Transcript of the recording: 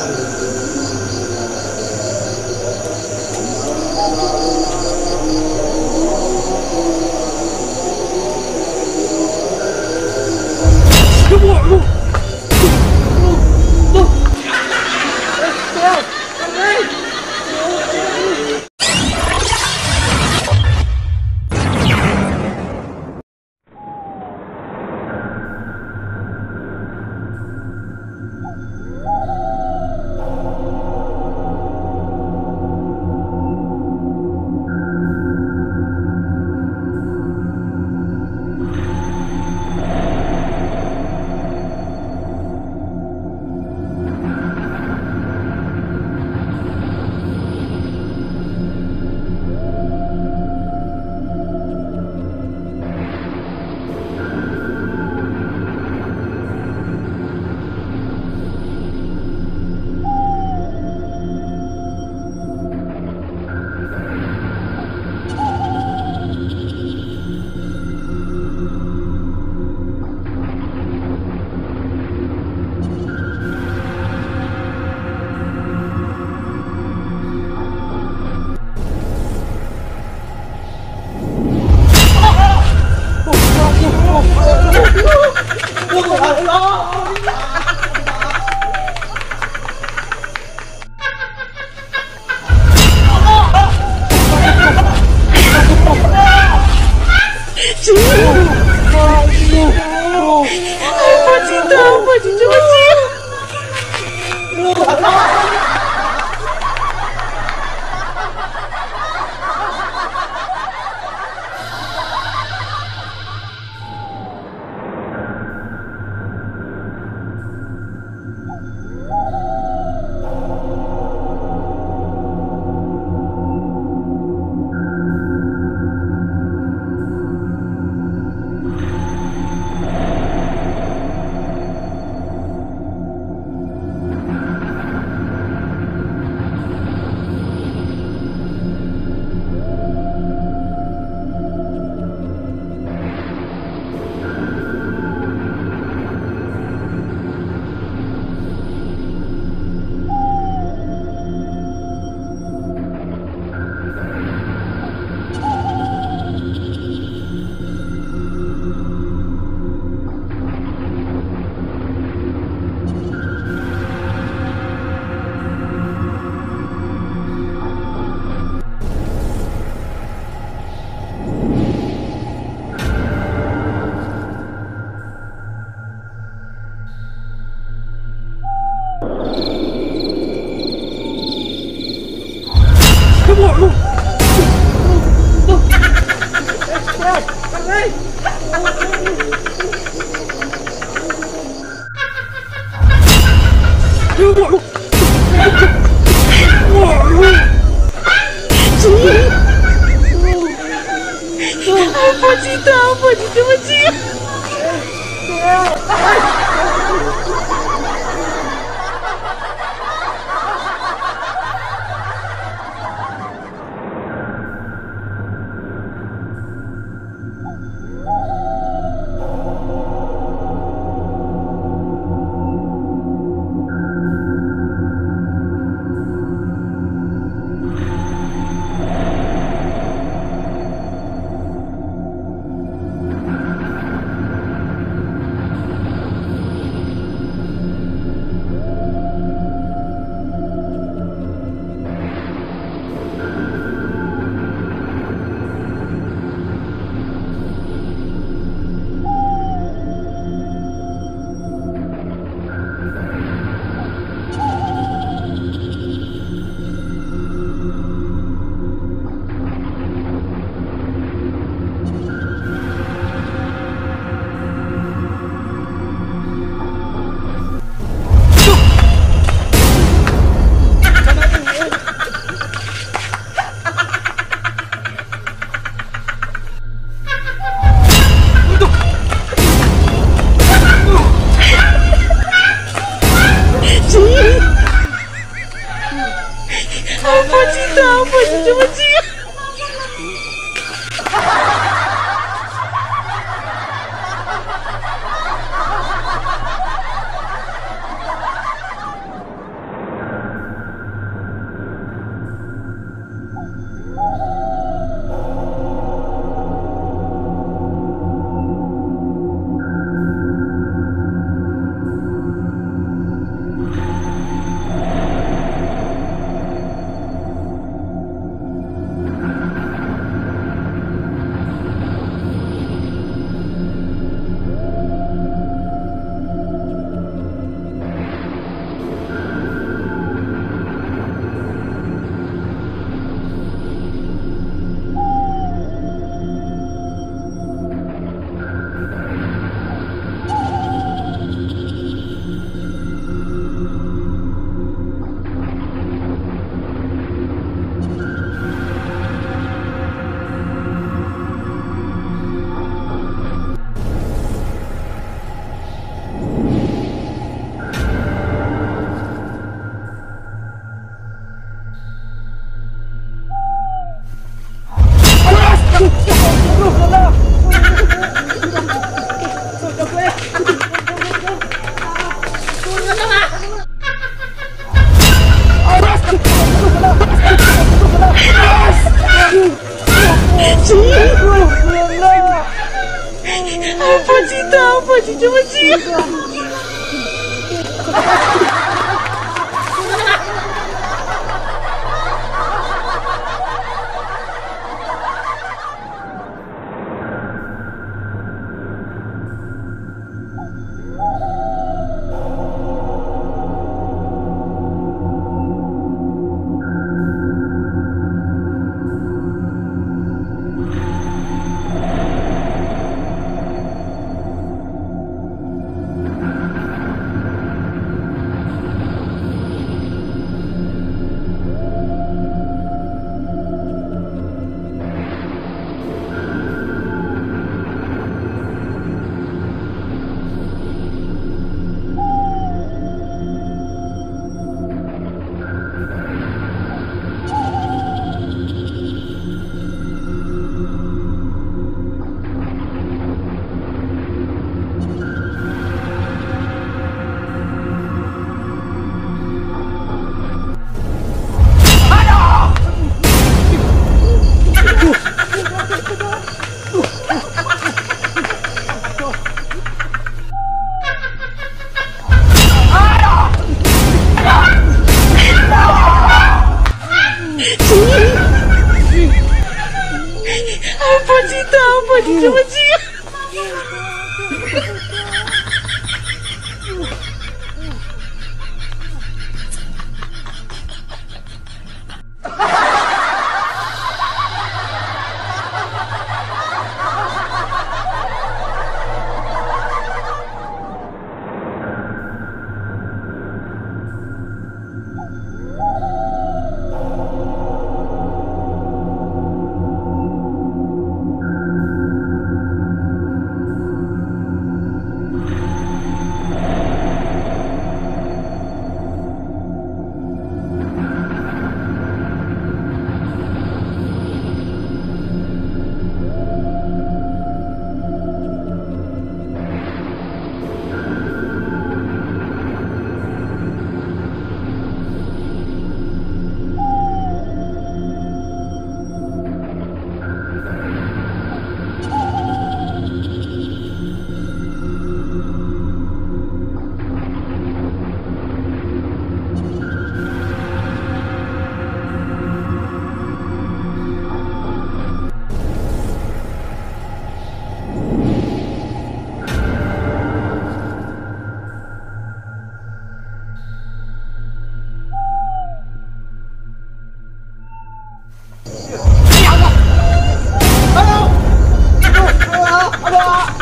どうもありがとうございました。你这个 Deus! Господи, вот 你这么急啊！对么起。